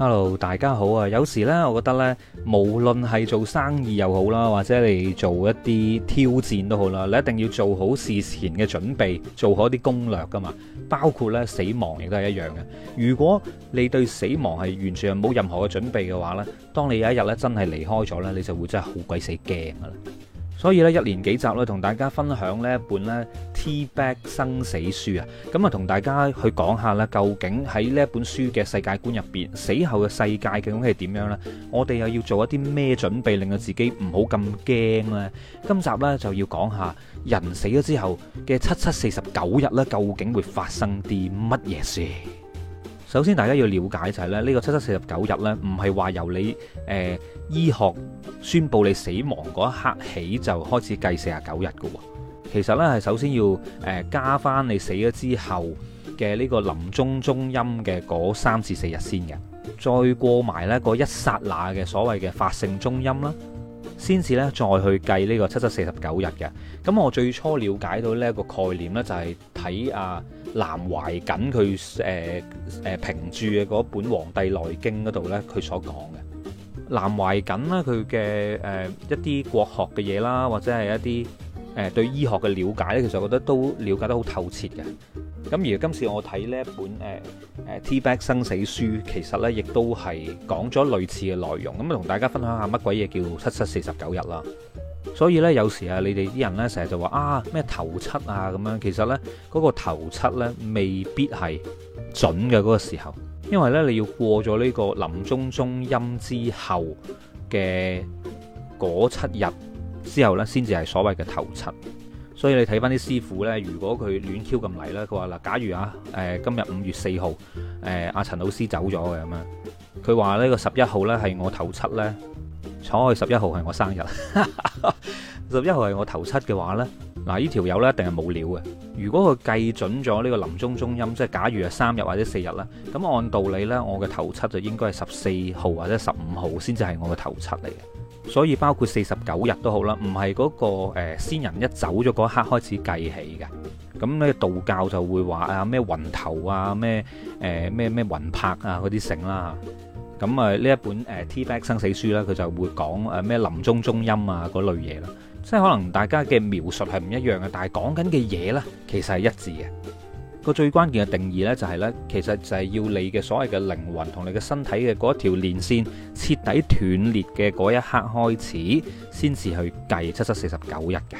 Hello，大家好啊！有時呢，我覺得呢，無論係做生意又好啦，或者你做一啲挑戰都好啦，你一定要做好事前嘅準備，做好啲攻略㗎嘛。包括呢，死亡亦都係一樣嘅。如果你對死亡係完全冇任何嘅準備嘅話呢，當你有一日呢，真係離開咗呢，你就會真係好鬼死驚㗎喇。所以咧，一連幾集咧，同大家分享咧一本咧《T-Bag 生死書》啊，咁啊，同大家去講下咧，究竟喺呢一本書嘅世界觀入邊，死後嘅世界究竟係點樣咧？我哋又要做一啲咩準備，令到自己唔好咁驚咧？今集咧就要講下人死咗之後嘅七七四十九日咧，究竟會發生啲乜嘢事？首先，大家要了解就係、是、咧，呢、這個七七四十九日呢唔係話由你誒、呃、醫學宣布你死亡嗰一刻起就開始計四十九日嘅喎。其實呢係首先要誒、呃、加翻你死咗之後嘅呢個臨終中陰嘅嗰三至四日先嘅，再過埋呢嗰一剎那嘅所謂嘅法性中陰啦，先至呢再去計呢個七七四十九日嘅。咁我最初了解到呢一個概念呢，就係睇啊，南懷瑾，佢誒誒，評注嘅嗰本《黃帝內經》嗰度咧，佢所講嘅南懷瑾啦，佢嘅誒一啲國學嘅嘢啦，或者係一啲誒、呃、對醫學嘅了解咧，其實我覺得都了解得好透徹嘅。咁而今次我睇呢一本誒誒《呃、T Back 生死書》，其實咧亦都係講咗類似嘅內容。咁、嗯、啊，同大家分享下乜鬼嘢叫七七四十九日啦。所以咧，有時啊，你哋啲人呢，成日就話啊咩頭七啊咁樣，其實呢，嗰、嗰個頭七呢，未必係準嘅嗰、嗰個時候，因為呢，你要過咗呢個臨終中陰之後嘅嗰七日之後呢，先至係所謂嘅頭七。所以你睇翻啲師傅呢，如果佢亂 Q 咁嚟呢，佢話嗱，假如啊誒、呃、今日五月四號誒阿陳老師走咗嘅咁樣，佢話呢個十一號呢，係、呢個、我頭七呢。坐去十一號係我生日，十一號係我頭七嘅話咧，嗱呢條友咧一定係冇料嘅。如果佢計準咗呢個臨終中，中音，即係假如係三日或者四日咧，咁按道理呢，我嘅頭七就應該係十四號或者十五號先至係我嘅頭七嚟嘅。所以包括四十九日都好啦，唔係嗰個誒先人一走咗嗰一刻開始計起嘅。咁呢道教就會話啊咩雲頭啊咩誒咩咩雲魄啊嗰啲成啦。咁啊，呢一本誒《T Back 生死書》呢佢就會講誒咩臨終中音啊嗰類嘢啦，即係可能大家嘅描述係唔一樣嘅，但係講緊嘅嘢呢，其實係一致嘅。個最關鍵嘅定義呢，就係呢，其實就係要你嘅所謂嘅靈魂同你嘅身體嘅嗰一條連線徹底斷裂嘅嗰一刻開始，先至去計七七四十九日嘅。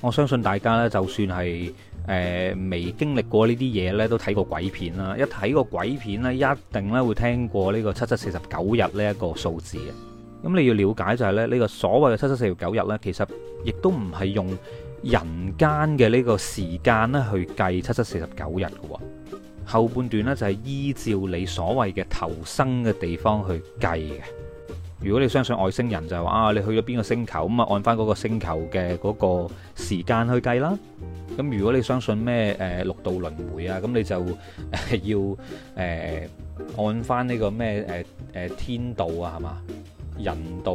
我相信大家呢，就算係。誒，未經歷過呢啲嘢呢，都睇過鬼片啦。一睇個鬼片咧，一定咧會聽過呢個七七四十九日呢一個數字嘅。咁你要了解就係咧，呢個所謂嘅七七四十九日呢，其實亦都唔係用人間嘅呢個時間咧，去計七七四十九日嘅。後半段呢，就係依照你所謂嘅投生嘅地方去計嘅。如果你相信外星人，就係話啊，你去咗邊個星球咁啊，按翻嗰個星球嘅嗰個時間去計啦。咁如果你相信咩誒、呃、六道輪回啊，咁你就要誒、呃、按翻呢個咩誒誒天道啊，係嘛？人道、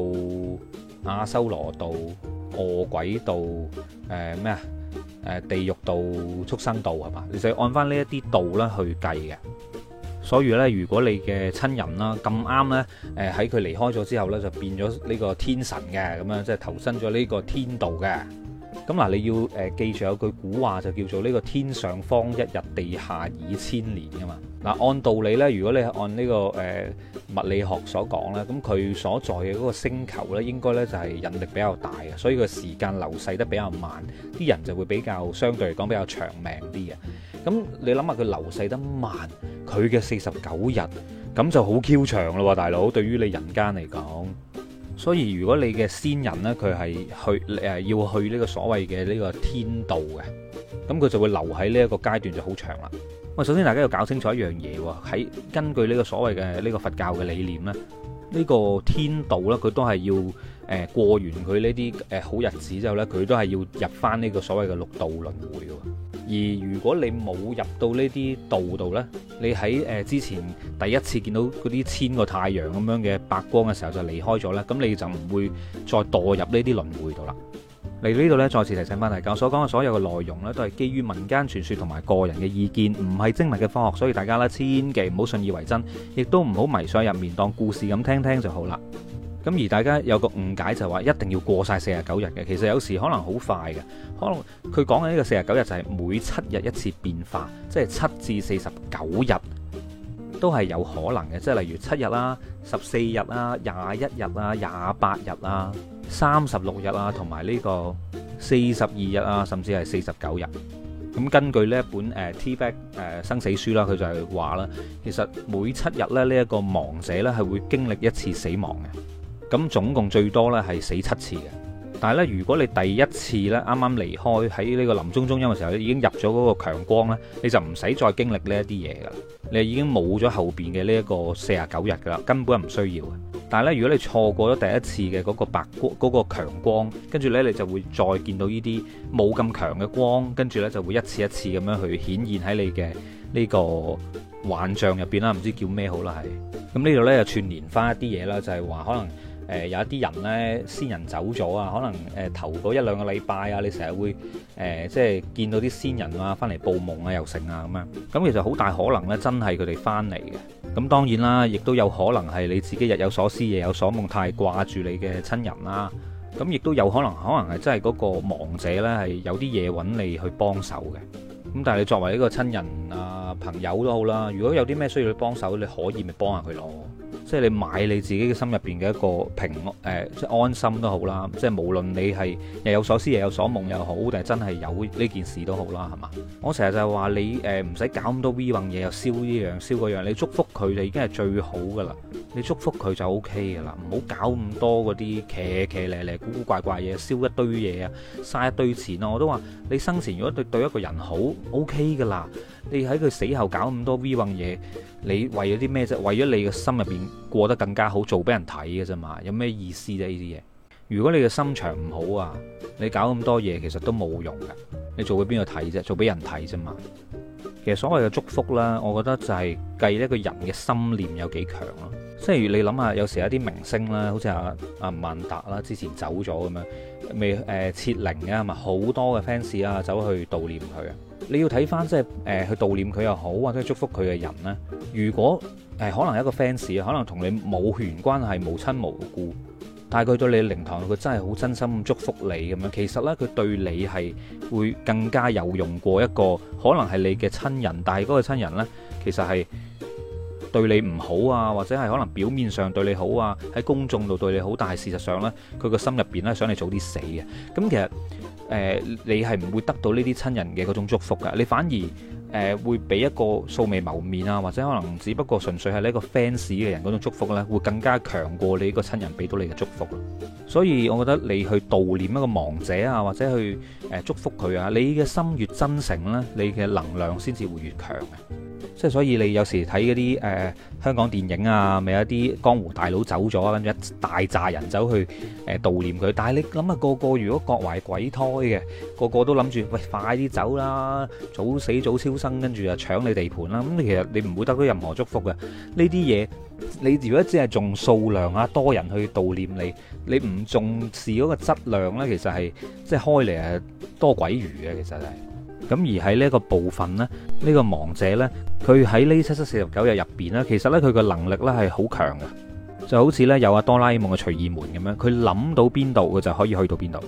阿修羅道、餓鬼道、誒咩啊、誒地獄道、畜生道係嘛？你就按翻呢一啲道啦去計嘅。所以咧，如果你嘅親人啦咁啱咧，誒喺佢離開咗之後咧就變咗呢個天神嘅，咁樣即係投身咗呢個天道嘅。咁嗱，你要誒記住有句古話就叫做呢個天上方一日，地下已千年啊嘛。嗱，按道理呢，如果你按呢、呢個誒、呃、物理學所講呢，咁佢所在嘅嗰個星球呢，應該呢就係引力比較大嘅，所以個時間流逝得比較慢，啲人就會比較相對嚟講比較長命啲嘅。咁你諗下佢流逝得慢，佢嘅四十九日，咁就好 Q 長咯喎，大佬。對於你人間嚟講。所以如果你嘅先人呢，佢係去誒、呃、要去呢個所謂嘅呢個天道嘅，咁佢就會留喺呢一個階段就好長啦。喂，首先大家要搞清楚一樣嘢喎，喺根據呢個所謂嘅呢個佛教嘅理念呢，呢、呢個天道呢，佢都係要誒過完佢呢啲誒好日子之後呢，佢都係要入返呢個所謂嘅六道輪迴。而如果你冇入到呢啲道度呢，你喺誒之前第一次見到嗰啲千個太陽咁樣嘅白光嘅時候就離開咗咧，咁你就唔會再墮入呢啲輪迴度啦。嚟到呢度呢，再次提醒翻大家，所講嘅所有嘅內容呢，都係基於民間傳說同埋個人嘅意見，唔係精密嘅科學，所以大家呢，千祈唔好信以為真，亦都唔好迷上入面當故事咁聽聽就好啦。咁而大家有個誤解就係、是、話一定要過晒四十九日嘅，其實有時可能好快嘅。可能佢講嘅呢個四十九日就係每七日一次變化，即係七至四十九日都係有可能嘅。即係例如七日啦、十四日啦、廿一日啦、廿八日啦、三十六日啊，同埋呢個四十二日啊，甚至係四十九日。咁根據呢一本誒《T Back》誒生死書啦，佢就係話啦，其實每七日咧，呢、這、一個亡者咧係會經歷一次死亡嘅。咁總共最多呢係死七次嘅。但係咧，如果你第一次呢，啱啱離開喺呢個臨終中陰嘅時候，已經入咗嗰個強光呢，你就唔使再經歷呢一啲嘢㗎啦。你已經冇咗後邊嘅呢一個四啊九日㗎啦，根本唔需要嘅。但係咧，如果你錯過咗第一次嘅嗰個白光、嗰個強光，跟住呢你就會再見到呢啲冇咁強嘅光，跟住呢就會一次一次咁樣去顯現喺你嘅呢個幻象入邊啦。唔知叫咩好啦，係咁呢度呢，又串連翻一啲嘢啦，就係話可能。誒、呃、有一啲人呢，先人走咗啊，可能誒、呃、頭嗰一兩個禮拜啊，你成日會誒、呃、即係見到啲先人啊，翻嚟報夢啊，又成啊咁樣啊。咁其實好大可能呢，真係佢哋翻嚟嘅。咁當然啦，亦都有可能係你自己日有所思夜有所夢，太掛住你嘅親人啦。咁、啊、亦都有可能，可能係真係嗰個亡者呢，係、啊、有啲嘢揾你去幫手嘅。咁、啊、但係你作為一個親人啊朋友都好啦、啊，如果有啲咩需要你幫手，你可以咪幫下佢咯。啊即係你買你自己嘅心入邊嘅一個平安誒，即係安心都好啦。即係無論你係日有所思、夜有所夢又好，定係真係有呢件事都好啦，係嘛？我成日就係話你誒，唔使搞咁多 v 運嘢，又燒呢樣燒嗰樣，你祝福佢就已經係最好噶啦。你祝福佢就 O K 噶啦，唔好搞咁多嗰啲騎騎咧咧、古古怪怪嘢，燒一堆嘢啊，嘥一堆錢啊。我都話你生前如果對對一個人好 O K 噶啦，你喺佢死後搞咁多 v 運嘢。你為咗啲咩啫？為咗你嘅心入邊過得更加好，做俾人睇嘅啫嘛，有咩意思啫？呢啲嘢，如果你嘅心腸唔好啊，你搞咁多嘢其實都冇用㗎。你做俾邊個睇啫？做俾人睇啫嘛。其實所謂嘅祝福啦，我覺得就係計一個人嘅心念有幾強咯。即係如你諗下，有時一啲明星啦，好似阿阿萬達啦，之前走咗咁樣，未誒設靈係咪啊嘛，好多嘅 fans 啊走去悼念佢。你要睇翻即係誒、呃、去悼念佢又好，或者祝福佢嘅人咧。如果係、呃、可能一個 fans 啊，可能同你冇血緣關係、無親無故，但係佢對你靈堂佢真係好真心祝福你咁樣。其實呢，佢對你係會更加有用過一個可能係你嘅親人，但係嗰個親人呢，其實係對你唔好啊，或者係可能表面上對你好啊，喺公眾度對你好，但係事實上呢，佢個心入邊咧想你早啲死嘅。咁其實～誒，你係唔會得到呢啲親人嘅嗰種祝福㗎，你反而誒會俾一個素未謀面啊，或者可能只不過純粹係呢個 fans 嘅人嗰種祝福呢，會更加強過你呢個親人俾到你嘅祝福。所以，我覺得你去悼念一個亡者啊，或者去誒祝福佢啊，你嘅心越真誠呢，你嘅能量先至會越強嘅。即係所以你有時睇嗰啲誒香港電影啊，咪有啲江湖大佬走咗，跟住一大拃人走去誒、呃、悼念佢。但係你諗下，個個如果各懷鬼胎嘅，個個都諗住喂快啲走啦，早死早超生，跟住啊搶你地盤啦。咁、嗯、其實你唔會得到任何祝福嘅。呢啲嘢你如果只係重數量啊，多人去悼念你，你唔重視嗰個質量呢，其實係即係開嚟係多鬼餘嘅，其實係。咁而喺呢個部分呢，呢個亡者呢，佢喺呢七七四十九日入邊呢，其實呢，佢嘅能力呢係好強嘅，就好似呢有阿哆啦 A 夢嘅隨意門咁樣，佢諗到邊度佢就可以去到邊度。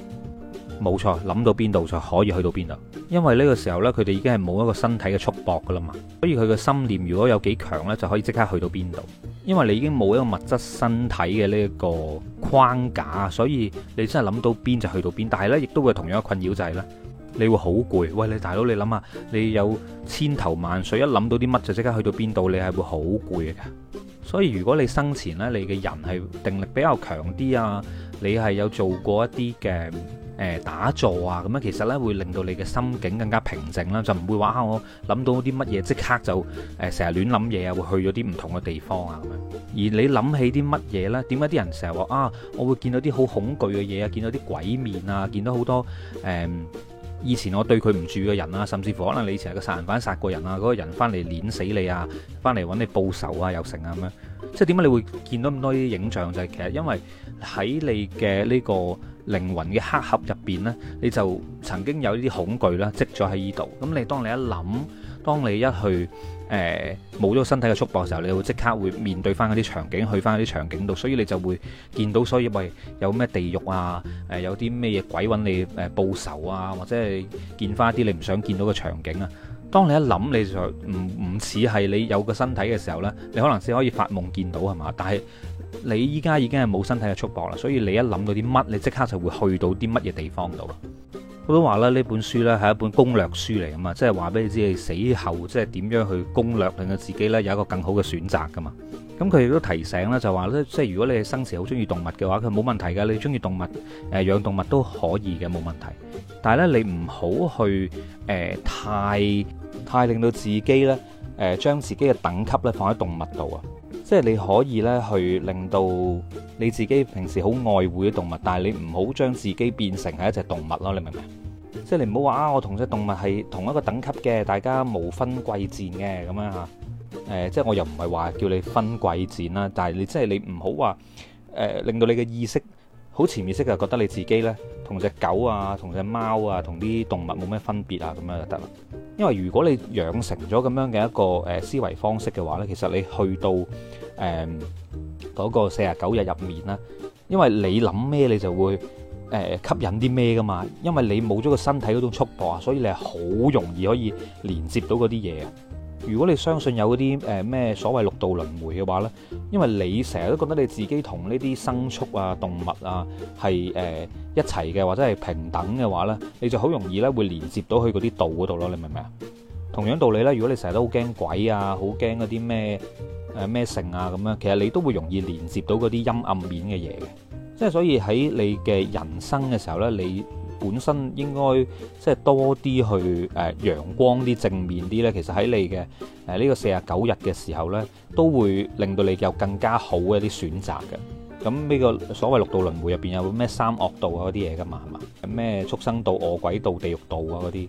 冇錯，諗到邊度就可以去到邊度，因為呢個時候呢，佢哋已經係冇一個身體嘅束縛噶啦嘛，所以佢嘅心念如果有幾強呢，就可以即刻去到邊度，因為你已經冇一個物質身體嘅呢一個框架，所以你真係諗到邊就去到邊。但係呢，亦都會同樣嘅困擾就係呢。你會好攰，喂，你大佬，你諗下，你有千頭萬緒，一諗到啲乜就即刻去到邊度，你係會好攰嘅。所以如果你生前呢，你嘅人係定力比較強啲啊，你係有做過一啲嘅誒打坐啊，咁樣其實呢，會令到你嘅心境更加平靜啦，就唔會話嚇、啊、我諗到啲乜嘢即刻就誒成日亂諗嘢啊，會去咗啲唔同嘅地方啊咁樣。而你諗起啲乜嘢呢？點解啲人成日話啊？我會見到啲好恐懼嘅嘢啊，見到啲鬼面啊，見到好多誒。呃以前我對佢唔住嘅人啊，甚至乎可能你以前係個殺人犯殺過人啊，嗰、那個人翻嚟碾死你啊，翻嚟揾你報仇啊又成啊咁樣。即係點解你會見到咁多啲影像？就係、是、其實因為喺你嘅呢個靈魂嘅黑盒入邊呢，你就曾經有懼呢啲恐懼啦，積咗喺呢度。咁你當你一諗。當你一去誒冇咗身體嘅束縛嘅時候，你就即刻會面對翻嗰啲場景，去翻嗰啲場景度，所以你就會見到，所以喂有咩地獄啊？誒、呃、有啲咩嘢鬼揾你誒、呃、報仇啊？或者係見翻啲你唔想見到嘅場景啊？當你一諗，你就唔唔似係你有個身體嘅時候呢，你可能先可以發夢見到係嘛？但係你依家已經係冇身體嘅束縛啦，所以你一諗到啲乜，你即刻就會去到啲乜嘢地方度。我都話啦，呢本書咧係一本攻略書嚟啊嘛，即係話俾你知你死後即係點樣去攻略，令到自己呢有一個更好嘅選擇噶嘛。咁佢亦都提醒咧，就話呢，即係如果你係生時好中意動物嘅話，佢冇問題嘅。你中意動物誒養、呃、動物都可以嘅，冇問題。但係呢，你唔好去誒、呃、太太令到自己呢，誒、呃、將自己嘅等級呢放喺動物度啊。即係你可以咧，去令到你自己平時好愛護嘅動物，但係你唔好將自己變成係一隻動物咯。你明唔明？即係你唔好話啊！我同隻動物係同一個等級嘅，大家冇分貴賤嘅咁樣吓，誒、呃，即係我又唔係話叫你分貴賤啦。但係你即係你唔好話誒，令到你嘅意識好潛意識就覺得你自己呢，同隻狗啊、同隻貓啊、同啲動物冇咩分別啊，咁樣就得啦。因為如果你養成咗咁樣嘅一個誒思維方式嘅話呢，其實你去到誒嗰、嗯那個四啊九日入面啦，因為你諗咩你就會誒、呃、吸引啲咩噶嘛。因為你冇咗個身體嗰種速度啊，所以你係好容易可以連接到嗰啲嘢啊。如果你相信有嗰啲誒咩所謂六道輪迴嘅話呢，因為你成日都覺得你自己同呢啲生畜啊、動物啊係誒、呃、一齊嘅，或者係平等嘅話呢，你就好容易咧會連接到去嗰啲道嗰度咯。你明唔明啊？同樣道理咧，如果你成日都好驚鬼啊，好驚嗰啲咩？誒咩性啊咁樣，其實你都會容易連接到嗰啲陰暗面嘅嘢嘅，即係所以喺你嘅人生嘅時候呢，你本身應該即係多啲去誒、呃、陽光啲正面啲呢。其實喺你嘅誒呢個四十九日嘅時候呢，都會令到你有更加好嘅啲選擇嘅。咁呢個所謂六道輪迴入邊有咩三惡道啊嗰啲嘢噶嘛，係嘛？咩畜生道、餓鬼道、地獄道啊嗰啲，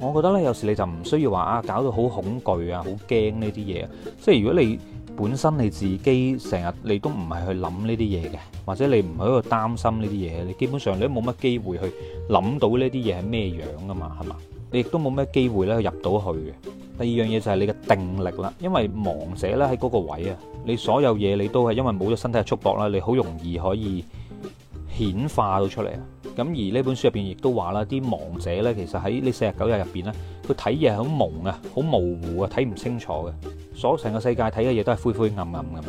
我覺得呢，有時你就唔需要話啊搞到好恐懼啊，好驚呢啲嘢，即係如果你。本身你自己成日你都唔係去諗呢啲嘢嘅，或者你唔喺度擔心呢啲嘢，你基本上你都冇乜機會去諗到呢啲嘢係咩樣噶嘛，係嘛？你亦都冇咩機會咧去入到去嘅。第二樣嘢就係你嘅定力啦，因為亡者咧喺嗰個位啊，你所有嘢你都係因為冇咗身體嘅束縛啦，你好容易可以顯化到出嚟啊。咁而呢本書入邊亦都話啦，啲亡者呢，其實喺呢四十九日入邊呢，佢睇嘢係好矇啊，好模糊啊，睇唔清楚嘅。所成個世界睇嘅嘢都係灰灰暗暗咁樣，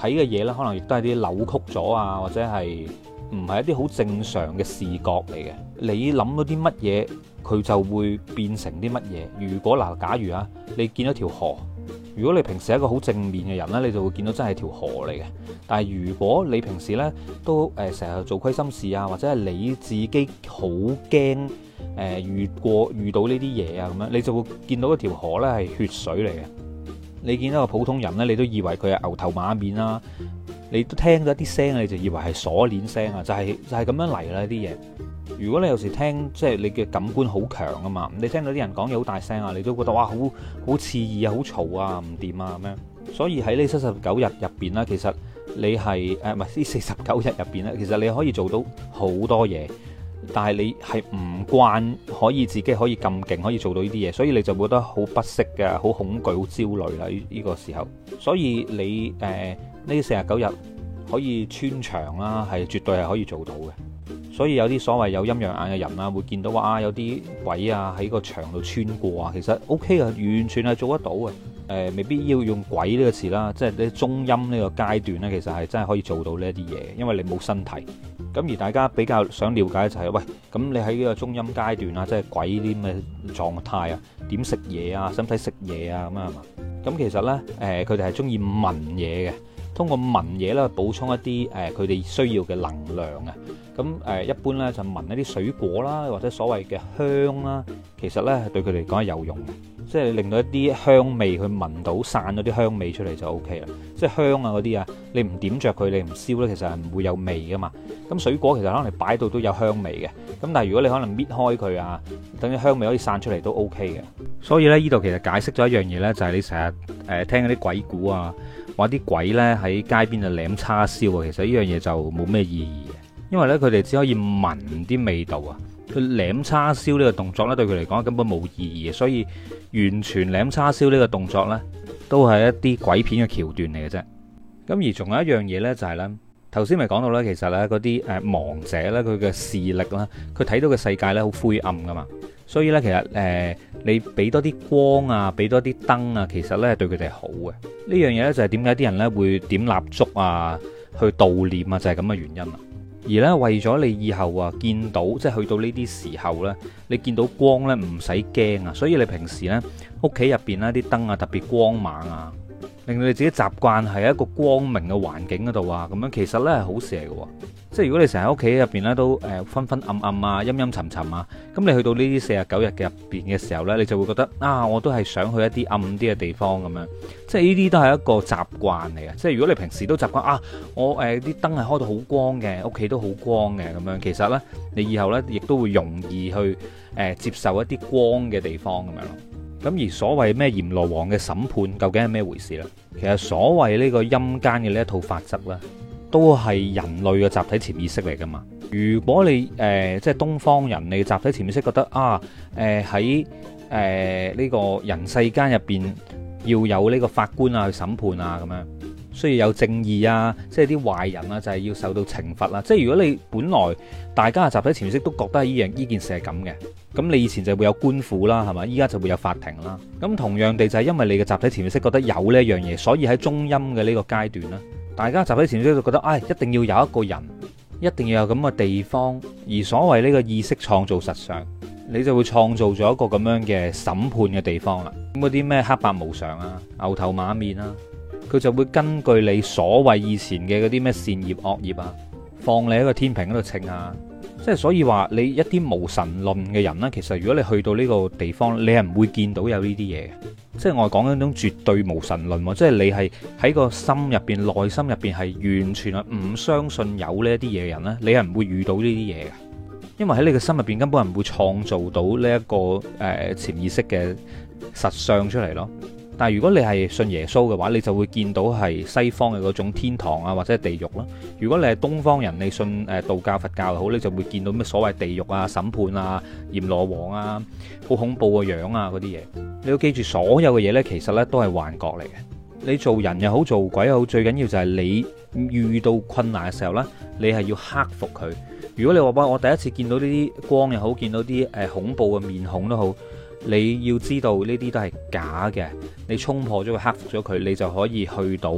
睇嘅嘢呢，可能亦都係啲扭曲咗啊，或者係唔係一啲好正常嘅視覺嚟嘅？你諗到啲乜嘢，佢就會變成啲乜嘢。如果嗱，假如啊，你見到條河。如果你平時係一個好正面嘅人呢，你就會見到真係條河嚟嘅。但係如果你平時呢都誒成日做虧心事啊，或者係你自己好驚誒遇過遇到呢啲嘢啊咁樣，你就會見到一條河呢係血水嚟嘅。你見到個普通人呢，你都以為佢係牛頭馬面啦，啊。你都聽到啲聲，你就以為係鎖鏈聲啊，就係、係、就係、係、咁樣嚟啦啲嘢。如果你有時聽，即係你嘅感官好強啊嘛，你聽到啲人講嘢好大聲啊，你都覺得哇，好好刺耳啊，好嘈啊，唔掂啊咁樣。所以喺呢七十九日入邊啦，其實你係誒唔係呢四十九日入邊啦，其實你可以做到好多嘢，但係你係唔慣可以自己可以咁勁可以做到呢啲嘢，所以你就覺得好不適嘅，好恐懼，好焦慮啦呢個時候。所以你誒呢四十九日可以穿牆啦，係絕對係可以做到嘅。所以有啲所謂有陰陽眼嘅人啊，會見到話啊有啲鬼啊喺個牆度穿過啊，其實 O K 啊，完全係做得到嘅。誒、呃，未必要用鬼呢個詞啦，即係你中陰呢個階段呢，其實係真係可以做到呢一啲嘢，因為你冇身體。咁而大家比較想了解就係、是、喂，咁你喺呢個中陰階段啊，即係鬼呢啲嘅狀態啊，點食嘢啊，使唔使食嘢啊咁啊嘛？咁其實呢，誒、呃，佢哋係中意聞嘢嘅。通過聞嘢啦，補充一啲誒佢哋需要嘅能量啊！咁誒一般咧就聞一啲水果啦，或者所謂嘅香啦，其實咧對佢哋講係有用嘅，即係令到一啲香味去聞到，散咗啲香味出嚟就 O K 啦。即係香啊嗰啲啊，你唔點着佢，你唔燒咧，其實係唔會有味噶嘛。咁水果其實可能你擺到都有香味嘅，咁但係如果你可能搣開佢啊，等啲香味可以散出嚟都 O K 嘅。所以咧呢度其實解釋咗一樣嘢咧，就係、是、你成日誒聽嗰啲鬼故啊。話啲鬼呢喺街邊就舐叉燒啊，其實呢樣嘢就冇咩意義嘅，因為呢，佢哋只可以聞啲味道啊，佢舐叉燒呢個動作呢，對佢嚟講根本冇意義嘅，所以完全舐叉燒呢個動作呢，都係一啲鬼片嘅橋段嚟嘅啫。咁而仲有一樣嘢呢，就係呢。頭先咪講到呢，其實呢嗰啲誒亡者呢，佢嘅視力啦，佢睇到嘅世界呢，好灰暗噶嘛，所以呢，其實誒、呃、你俾多啲光啊，俾多啲燈啊，其實呢對佢哋好嘅。呢樣嘢呢，就係點解啲人呢會點蠟燭啊，去悼念啊，就係咁嘅原因啦。而呢，為咗你以後啊見到，即係去到呢啲時候呢，你見到光呢，唔使驚啊，所以你平時呢，屋企入邊呢啲燈啊特別光猛啊。令你自己習慣喺一個光明嘅環境嗰度啊，咁樣其實呢，係好邪嘅，即係如果你成日喺屋企入邊呢，都誒昏昏暗暗啊、陰陰沉沉啊，咁你去到呢啲四十九日嘅入邊嘅時候呢，你就會覺得啊，我都係想去一啲暗啲嘅地方咁樣，即係呢啲都係一個習慣嚟嘅。即係如果你平時都習慣啊，我誒啲燈係開到好光嘅，屋企都好光嘅咁樣，其實呢，你以後呢，亦都會容易去誒、呃、接受一啲光嘅地方咁樣咯。咁而所謂咩閻羅王嘅審判，究竟係咩回事咧？其實所謂呢個陰間嘅呢一套法則呢，都係人類嘅集體潛意識嚟噶嘛。如果你誒、呃、即係東方人，你集體潛意識覺得啊誒喺誒呢個人世間入邊要有呢個法官啊去審判啊咁樣。需要有正義啊，即係啲壞人啊，就係、是、要受到懲罰啦、啊。即係如果你本來大家集體潛意識都覺得係依樣呢件事係咁嘅，咁你以前就會有官府啦，係嘛？依家就會有法庭啦。咁同樣地就係因為你嘅集體潛意識覺得有呢一樣嘢，所以喺中陰嘅呢個階段啦，大家集體潛意識就覺得，唉、哎，一定要有一個人，一定要有咁嘅地方。而所謂呢個意識創造實相，你就會創造咗一個咁樣嘅審判嘅地方啦。咁嗰啲咩黑白無常啊，牛頭馬面啊，佢就會根據你所謂以前嘅嗰啲咩善業惡業啊，放你喺個天平嗰度稱下。即係所以話你一啲無神論嘅人呢，其實如果你去到呢個地方，你係唔會見到有呢啲嘢。即係我講緊一種絕對無神論，即係你係喺個心入邊、內心入邊係完全係唔相信有呢啲嘢嘅人呢，你係唔會遇到呢啲嘢嘅，因為喺你嘅心入邊根本係唔會創造到呢一個誒潛意識嘅實相出嚟咯。但係如果你係信耶穌嘅話，你就會見到係西方嘅嗰種天堂啊，或者地獄啦、啊。如果你係東方人，你信誒、呃、道教、佛教好，你就會見到咩所謂地獄啊、審判啊、閻羅王啊，好恐怖嘅樣啊嗰啲嘢。你要記住，所有嘅嘢呢，其實呢都係幻覺嚟嘅。你做人又好，做鬼又好，最緊要就係你遇到困難嘅時候呢，你係要克服佢。如果你話喂，我第一次見到呢啲光又好，見到啲誒、呃、恐怖嘅面孔都好。你要知道呢啲都係假嘅，你衝破咗佢，克服咗佢，你就可以去到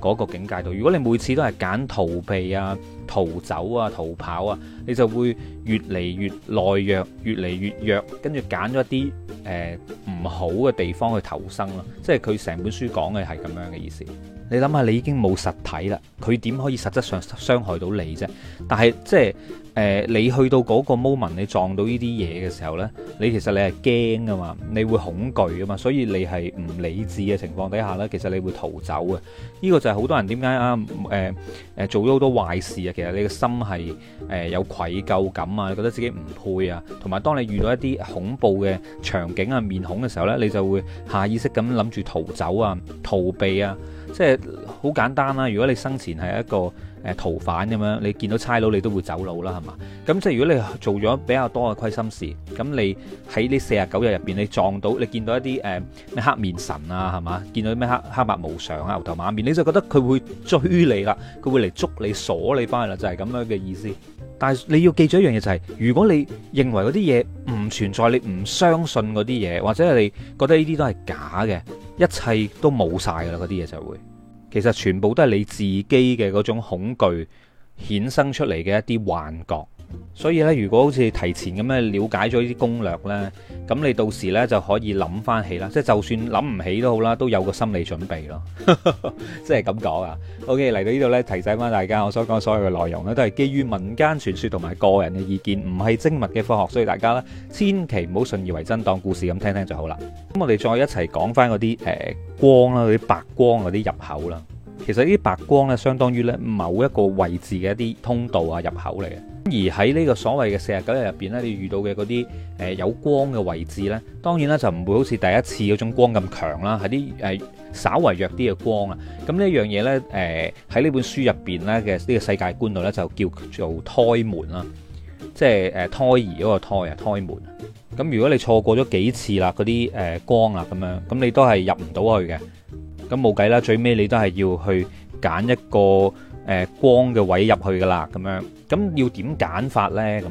嗰個境界度。如果你每次都係揀逃避啊、逃走啊、逃跑啊，你就會越嚟越耐弱，越嚟越弱，跟住揀咗啲誒唔好嘅地方去投生咯。即係佢成本書講嘅係咁樣嘅意思。你諗下，你已經冇實體啦，佢點可以實質上傷害到你啫？但係即係誒、呃，你去到嗰個 moment，你撞到呢啲嘢嘅時候呢，你其實你係驚㗎嘛，你會恐懼㗎嘛，所以你係唔理智嘅情況底下呢，其實你會逃走啊。呢、這個就係好多人點解啊？誒、呃、誒、呃，做咗好多壞事啊。其實你嘅心係誒、呃、有愧疚感啊，覺得自己唔配啊。同埋，當你遇到一啲恐怖嘅場景啊、面孔嘅時候呢，你就會下意識咁諗住逃走啊、逃避啊。即係好簡單啦！如果你生前係一個誒逃犯咁樣，你見到差佬你都會走佬啦，係嘛？咁即係如果你做咗比較多嘅虧心事，咁你喺呢四十九日入邊，你撞到你見到一啲誒咩黑面神啊，係嘛？見到咩黑黑白無常啊、牛頭馬面，你就覺得佢會追你啦，佢會嚟捉你鎖你翻去啦，就係、是、咁樣嘅意思。但係你要記住一樣嘢就係、是，如果你認為嗰啲嘢唔存在，你唔相信嗰啲嘢，或者係你覺得呢啲都係假嘅。一切都冇晒㗎啦，嗰啲嘢就會，其實全部都係你自己嘅嗰種恐懼衍生出嚟嘅一啲幻覺。所以咧，如果好似提前咁樣了解咗呢啲攻略呢，咁你到時呢就可以諗翻起啦。即係就算諗唔起都好啦，都有個心理準備咯。即係咁講啊。OK，嚟到呢度呢，提醒翻大家，我所講所有嘅內容呢，都係基於民間傳說同埋個人嘅意見，唔係精密嘅科學。所以大家呢，千祈唔好信以為真，當故事咁聽聽就好啦。咁我哋再一齊講翻嗰啲誒光啦，嗰啲白光嗰啲入口啦。其實呢啲白光呢，相當於呢某一個位置嘅一啲通道啊入口嚟嘅。而喺呢個所謂嘅四十九日入邊咧，你遇到嘅嗰啲誒有光嘅位置咧，當然咧就唔會好似第一次嗰種光咁強啦，係啲誒稍為弱啲嘅光啊。咁呢一樣嘢呢，誒喺呢本書入邊咧嘅呢、呢個世界觀度呢就叫做胎門啦，即係誒、呃、胎兒嗰個胎啊，胎門。咁如果你錯過咗幾次啦，嗰啲誒光啊咁樣，咁你都係入唔到去嘅。咁冇計啦，最尾你都係要去揀一個誒、呃、光嘅位入去噶啦，咁樣。咁要點揀法呢？咁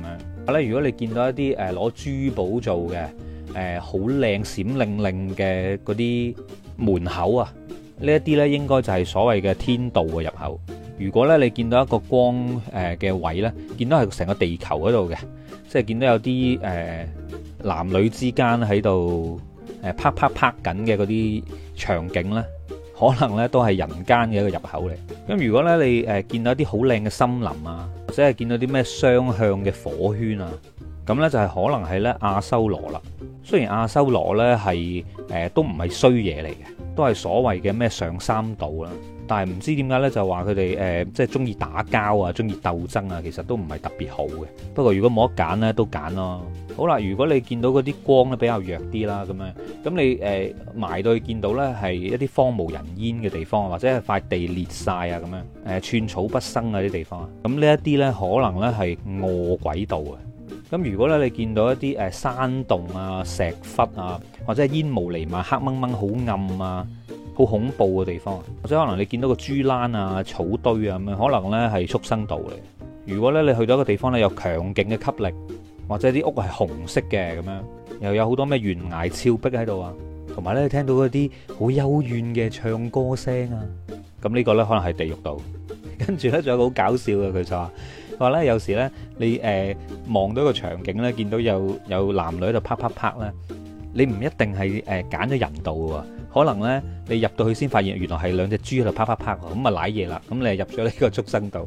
樣咧，如果你見到一啲誒攞珠寶做嘅誒，好靚閃令令嘅嗰啲門口啊，呢一啲呢應該就係所謂嘅天道嘅入口。如果呢，你見到一個光誒嘅位呢，見到係成個地球嗰度嘅，即係見到有啲誒、呃、男女之間喺度誒啪啪啪緊嘅嗰啲場景呢，可能呢都係人間嘅一個入口嚟。咁如果呢，你誒見到一啲好靚嘅森林啊～即係見到啲咩雙向嘅火圈啊，咁呢就係、是、可能係呢阿修羅啦。雖然阿修羅呢係誒都唔係衰嘢嚟嘅，都係所謂嘅咩上三道啦。但係唔知點解呢就話佢哋誒即係中意打交啊，中意鬥爭啊，其實都唔係特別好嘅。不過如果冇得揀呢，都揀咯。好啦，如果你見到嗰啲光咧比較弱啲啦，咁樣，咁你誒、呃、埋到去見到呢係一啲荒無人煙嘅地方，或者係塊地裂晒啊，咁樣誒、呃、寸草不生嗰啲地方啊，咁呢一啲呢可能呢係餓鬼道啊。咁如果咧你見到一啲誒、呃、山洞啊、石窟啊，或者煙霧瀰漫、黑掹掹、好暗啊、好恐怖嘅地方，或者可能你見到個豬欄啊、草堆啊咁樣，可能呢係畜生道嚟。如果咧你去到一個地方呢，有強勁嘅吸力。或者啲屋係紅色嘅咁樣，又有好多咩懸崖峭壁喺度啊，同埋咧聽到嗰啲好幽怨嘅唱歌聲啊，咁呢個咧可能係地獄道。跟住咧仲有個好搞笑嘅佢就話：話咧有時咧你誒望到個場景咧，見到有有男女喺度啪啪啪咧，你唔一定係誒揀咗人道喎，可能咧你入到去先發現原來係兩隻豬喺度啪啪啪，咁啊瀨嘢啦，咁你入咗呢個畜生道。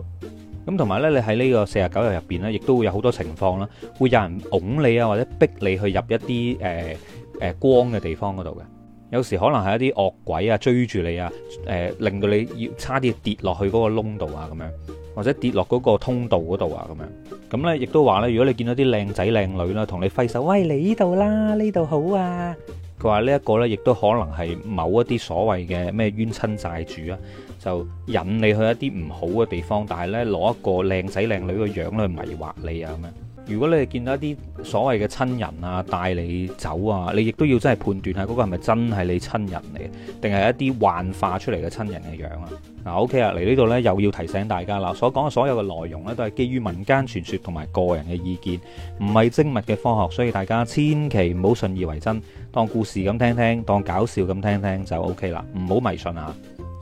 咁同埋咧，你喺呢個四十九日入邊咧，亦都會有好多情況啦，會有人拱你啊，或者逼你去入一啲誒誒光嘅地方嗰度嘅。有時可能係一啲惡鬼啊追住你啊，誒、呃、令到你要差啲跌落去嗰個窿度啊，咁樣或者跌落嗰個通道嗰度啊，咁、嗯、樣。咁咧亦都話咧，如果你見到啲靚仔靚女啦，同你揮手，喂，你呢度啦，呢度好啊。佢話呢一個咧，亦都可能係某一啲所謂嘅咩冤親債主啊。就引你去一啲唔好嘅地方，但係呢，攞一個靚仔靚女嘅樣去迷惑你啊咁樣。如果你係見到一啲所謂嘅親人啊，帶你走啊，你亦都要真係判斷下嗰個係咪真係你親人嚟，定係一啲幻化出嚟嘅親人嘅樣啊？嗱，OK 啦，啊，嚟呢度呢，又要提醒大家啦，所講嘅所有嘅內容呢，都係基於民間傳說同埋個人嘅意見，唔係精密嘅科學，所以大家千祈唔好信以為真，當故事咁聽聽，當搞笑咁聽聽就 OK 啦，唔好迷信啊！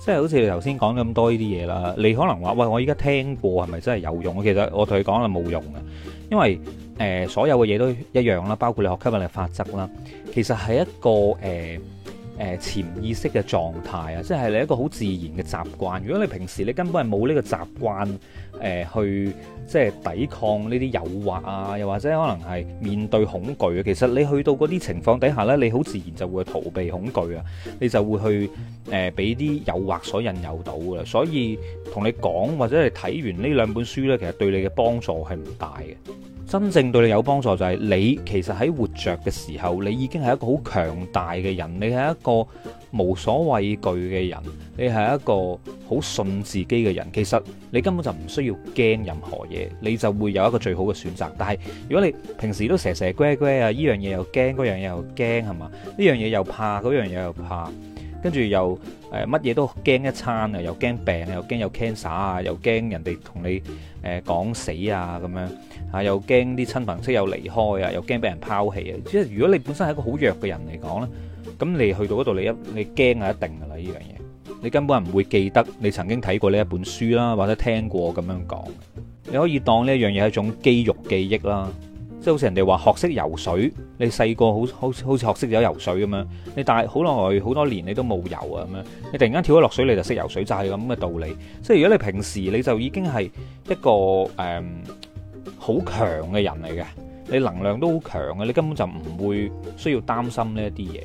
即係好似你頭先講咁多呢啲嘢啦，你可能話：喂，我依家聽過係咪真係有用？其實我同你講啦，冇用嘅，因為誒、呃、所有嘅嘢都一樣啦，包括你學吸引力法則啦，其實係一個誒誒潛意識嘅狀態啊，即係你一個好自然嘅習慣。如果你平時你根本係冇呢個習慣。誒、呃、去即係抵抗呢啲誘惑啊，又或者可能係面對恐懼啊。其實你去到嗰啲情況底下呢，你好自然就會逃避恐懼啊，你就會去誒俾啲誘惑所引誘到噶啦。所以同你講，或者係睇完呢兩本書呢，其實對你嘅幫助係唔大嘅。真正對你有幫助就係、是、你其實喺活着嘅時候，你已經係一個好強大嘅人，你係一個。無所畏懼嘅人，你係一個好信自己嘅人。其實你根本就唔需要驚任何嘢，你就會有一個最好嘅選擇。但係如果你平時都蛇蛇龜龜啊，呢樣嘢又驚，嗰樣嘢又驚，係嘛？呢樣嘢又怕，嗰樣嘢又怕，又呃、怕又怕又怕又怕跟住又誒乜嘢都驚一餐啊，又驚病啊，又驚有 cancer 啊，又驚人哋同你誒講死啊咁樣啊，又驚啲親朋戚友離開啊，又驚俾人拋棄啊。即係如果你本身係一個好弱嘅人嚟講咧。咁你去到嗰度，你一你驚係一定噶啦呢樣嘢。你根本唔會記得你曾經睇過呢一本書啦，或者聽過咁樣講。你可以當呢一樣嘢係一種肌肉記憶啦，即係好似人哋話學識游水，你細個好好好似學識咗游水咁樣，你大好耐好多年你都冇游啊咁樣，你突然間跳咗落水你就識游水，就係咁嘅道理。即係如果你平時你就已經係一個誒好強嘅人嚟嘅，你能量都好強嘅，你根本就唔會需要擔心呢一啲嘢。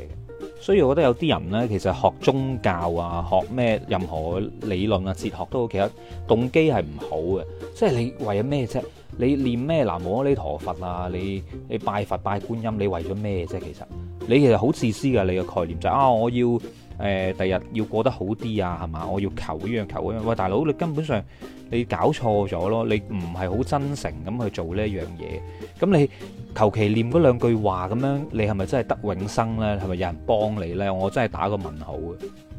所以我覺得有啲人呢，其實學宗教啊，學咩任何理論啊、哲學都好，其實動機係唔好嘅。即係你為咗咩啫？你念咩南無阿彌陀佛啊？你你拜佛拜觀音，你為咗咩啫？其實你其實好自私㗎。你個概念就係啊，我要。誒，第日要過得好啲啊，係嘛？我要求呢樣求嗰樣，喂，大佬你根本上你搞錯咗咯，你唔係好真誠咁去做呢一樣嘢，咁你求其念嗰兩句話咁樣，你係咪真係得永生呢？係咪有人幫你呢？我真係打個問號嘅。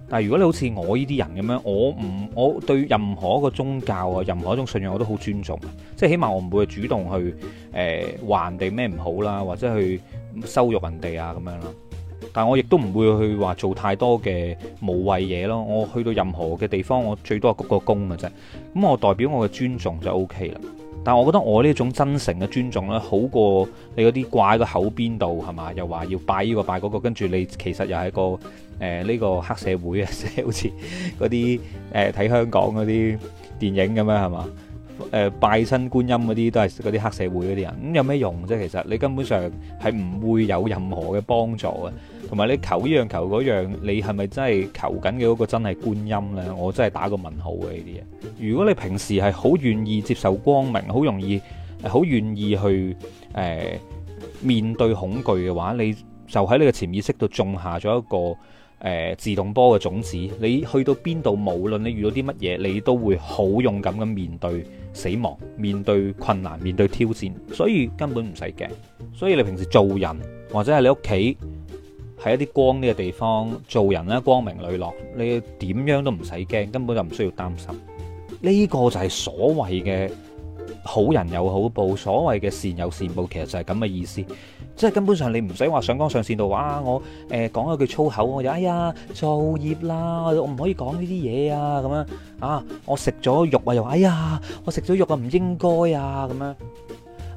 但如果你好似我呢啲人咁樣，我唔，我對任何一個宗教啊，任何一種信仰我都好尊重，啊。即係起碼我唔會主動去誒還人哋咩唔好啦，或者去羞辱人哋啊咁樣啦。但我亦都唔會去話做太多嘅無謂嘢咯。我去到任何嘅地方，我最多係鞠個躬嘅啫。咁我代表我嘅尊重就 OK 啦。但我覺得我呢種真誠嘅尊重咧，好過你嗰啲掛喺個口邊度係嘛？又話要拜呢個拜嗰個，跟住你其實又係個誒呢個黑社會啊！即係好似嗰啲誒睇香港嗰啲電影咁樣係嘛？誒拜新觀音嗰啲都係嗰啲黑社會嗰啲人，咁有咩用啫？其實你根本上係唔會有任何嘅幫助嘅。同埋，你求呢樣求嗰樣，你係咪真係求緊嘅嗰個真係觀音呢？我真係打個問號嘅呢啲嘢。如果你平時係好願意接受光明，好容易，好願意去誒、呃、面對恐懼嘅話，你就喺你嘅潛意識度種下咗一個誒、呃、自動波嘅種子。你去到邊度，無論你遇到啲乜嘢，你都會好勇敢咁面對死亡、面對困難、面對挑戰，所以根本唔使驚。所以你平時做人或者係你屋企。喺一啲光呢個地方做人啦，光明磊落，你點樣都唔使驚，根本就唔需要擔心。呢、這個就係所謂嘅好人有好報，所謂嘅善有善報，其實就係咁嘅意思。即係根本上你唔使話上綱上線度啊，我誒講、呃、一句粗口，我就哎呀，造業啦，我唔可以講呢啲嘢啊咁樣啊，我食咗肉啊又哎呀，我食咗肉啊唔應該啊咁樣。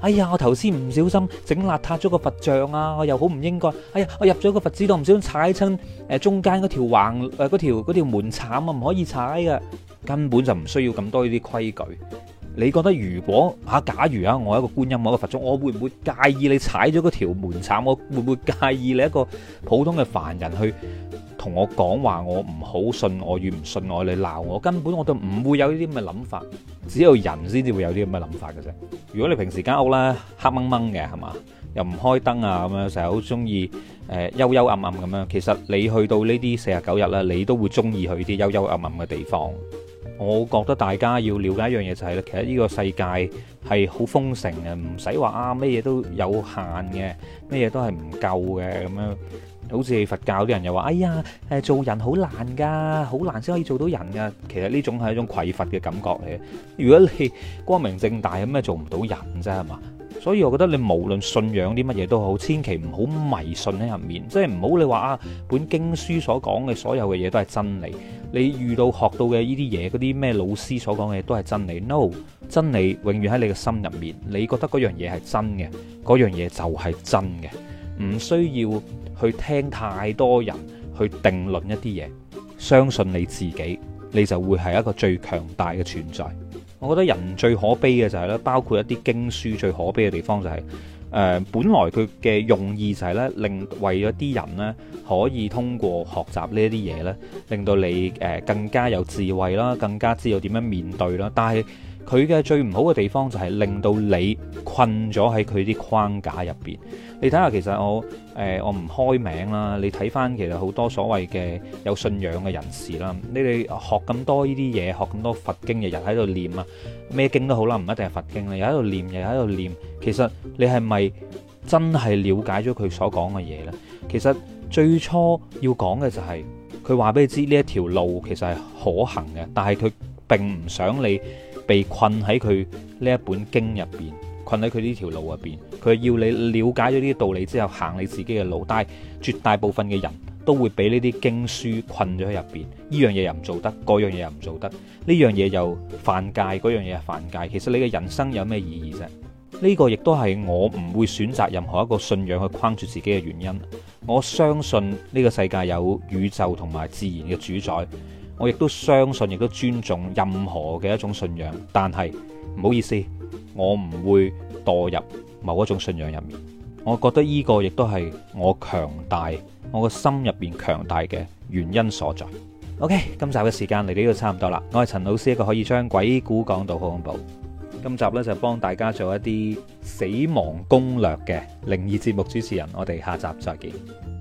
哎呀！我頭先唔小心整邋遢咗個佛像啊！我又好唔應該。哎呀！我入咗個佛寺都唔小心踩親誒中間嗰條橫誒嗰條嗰條門檻啊，唔可以踩噶。根本就唔需要咁多呢啲規矩。你覺得如果吓、啊、假如啊，我一個觀音，我一個佛祖，我會唔會介意你踩咗嗰條門檻？我會唔會介意你一個普通嘅凡人去？同我講話我唔好信我與唔信我，你鬧我，根本我都唔會有呢啲咁嘅諗法，只有人先至會有啲咁嘅諗法嘅啫。如果你平時間屋咧黑掹掹嘅係咪，又唔開燈啊咁樣，成日好中意誒幽幽暗暗咁樣，其實你去到呢啲四十九日啦，你都會中意去啲幽幽暗暗嘅地方。我覺得大家要了解一樣嘢就係咧，其實呢個世界係好豐盛嘅，唔使話啊咩嘢都有限嘅，咩嘢都係唔夠嘅咁樣。好似佛教啲人又話：哎呀，誒，做人好難噶，好難先可以做到人噶。其實呢種係一種匱乏嘅感覺嚟。如果你光明正大，有咩做唔到人啫？係嘛，所以我覺得你無論信仰啲乜嘢都好，千祈唔好迷信喺入面，即係唔好你話啊本經書所講嘅所有嘅嘢都係真理。你遇到學到嘅呢啲嘢，嗰啲咩老師所講嘅嘢都係真理？No，真理永遠喺你嘅心入面。你覺得嗰樣嘢係真嘅，嗰樣嘢就係真嘅，唔需要。去聽太多人去定論一啲嘢，相信你自己，你就會係一個最強大嘅存在。我覺得人最可悲嘅就係、是、咧，包括一啲經書最可悲嘅地方就係、是，誒、呃，本來佢嘅用意就係、是、咧，令為咗啲人呢，可以通過學習呢啲嘢呢，令到你誒、呃、更加有智慧啦，更加知道點樣面對啦。但係佢嘅最唔好嘅地方就係令到你困咗喺佢啲框架入邊。你睇下，其實我誒、呃、我唔開名啦。你睇翻，其實好多所謂嘅有信仰嘅人士啦，你哋學咁多呢啲嘢，學咁多佛經，日日喺度念啊，咩經都好啦，唔一定係佛經啦，又喺度念，又喺度念。其實你係咪真係了解咗佢所講嘅嘢呢？其實最初要講嘅就係佢話俾你知呢一條路其實係可行嘅，但係佢並唔想你。被困喺佢呢一本經入邊，困喺佢呢條路入邊，佢要你了解咗呢啲道理之後，行你自己嘅路。但係絕大部分嘅人都會俾呢啲經書困咗喺入邊，呢樣嘢又唔做得，嗰樣嘢又唔做得，呢樣嘢又犯戒，嗰樣嘢又犯戒。其實你嘅人生有咩意義啫？呢個亦都係我唔會選擇任何一個信仰去框住自己嘅原因。我相信呢個世界有宇宙同埋自然嘅主宰。我亦都相信，亦都尊重任何嘅一種信仰，但係唔好意思，我唔會墮入某一種信仰入面。我覺得呢個亦都係我強大，我個心入邊強大嘅原因所在。OK，今集嘅時間嚟到呢度差唔多啦。我係陳老師，一個可以將鬼故講到好恐怖。今集呢，就幫大家做一啲死亡攻略嘅靈異節目主持人。我哋下集再見。